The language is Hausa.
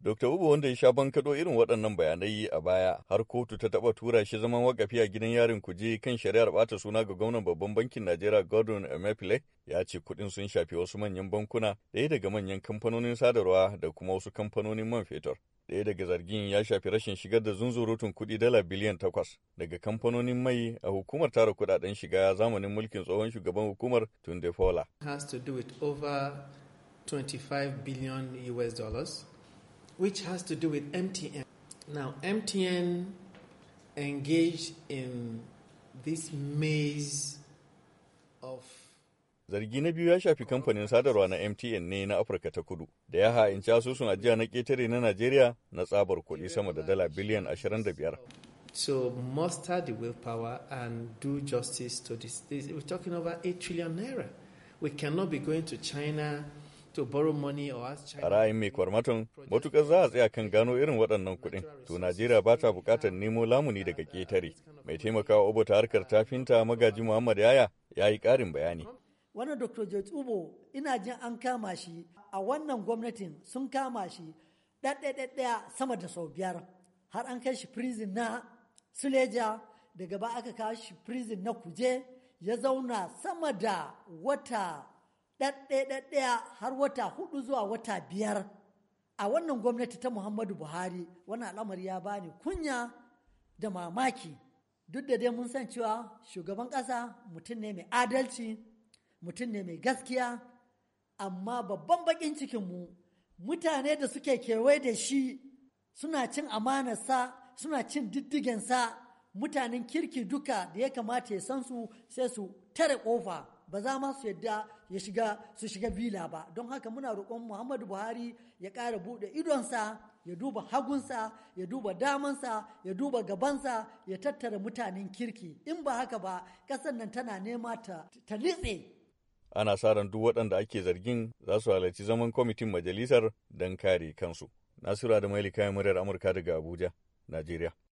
Dr. Ubu wanda ya sha bankaɗo irin waɗannan bayanai a baya har kotu ta taɓa tura shi zaman wakafi a gidan yarin kuje kan shari'ar ɓata suna ga gwamnan babban bankin Najeriya Gordon Emefile ya ce kuɗin sun shafi wasu manyan bankuna ɗaya daga manyan kamfanonin sadarwa da kuma wasu kamfanonin man fetur. Ɗaya daga zargin ya shafi rashin shigar da zunzurutun kuɗi dala biliyan takwas daga kamfanonin mai a hukumar tara kuɗaɗen shiga zamanin mulkin tsohon shugaban hukumar Tunde Fola. 25 US dollars. which has to do with MTN. Now, MTN engaged in this maze of Zargi na biyu ya shafi kamfanin sadarwa na MTN ne na Afirka ta Kudu, da ya ha'inci asusun ajiya na ƙetare na Najeriya na tsabar kuɗi sama da dala biliyan 25. So muster the willpower and do justice to this. We're talking about 8 trillion naira. We cannot be going to China A ra'ayin mai kwarmaton, matuƙar za a tsaya kan gano irin waɗannan kuɗin, to Najeriya ba ta buƙatar nemo lamuni daga ƙetare. Mai taimakawa Obo ta harkar tafinta magaji Muhammad Yaya ya yi ƙarin bayani. Wannan Dr. Jet Ubo ina jin an kama shi a wannan gwamnatin sun kama shi ɗaɗɗaɗɗaya sama da sau biyar har an kai shi prison na Suleja daga ba aka kawo shi prison na Kuje ya zauna sama da wata ɗaɗɗaya har wata hudu zuwa wata biyar a wannan gwamnati ta muhammadu buhari wannan al'amari ya bani kunya da mamaki duk da dai mun san cewa shugaban ƙasa mutum ne mai adalci mutum ne mai gaskiya amma babban bakin cikinmu mutane da suke kewaye da shi suna cin amanarsa suna cin diddigensa mutanen kirki duka da ya kamata ya san su sai su tare kofa ba za ma su yadda ya shiga su shiga bila ba don haka muna roƙon Muhammadu Buhari ya ƙara buɗe idonsa ya duba hagunsa ya duba damansa ya duba gabansa ya tattara mutanen kirki in ba haka ba ƙasar nan tana nema ta nitse ana sa ran duk waɗanda ake zargin za su halarci zaman kwamitin majalisar don kare kansu. nasiru da Maili kayan muryar Amurka daga Abuja, Najeriya.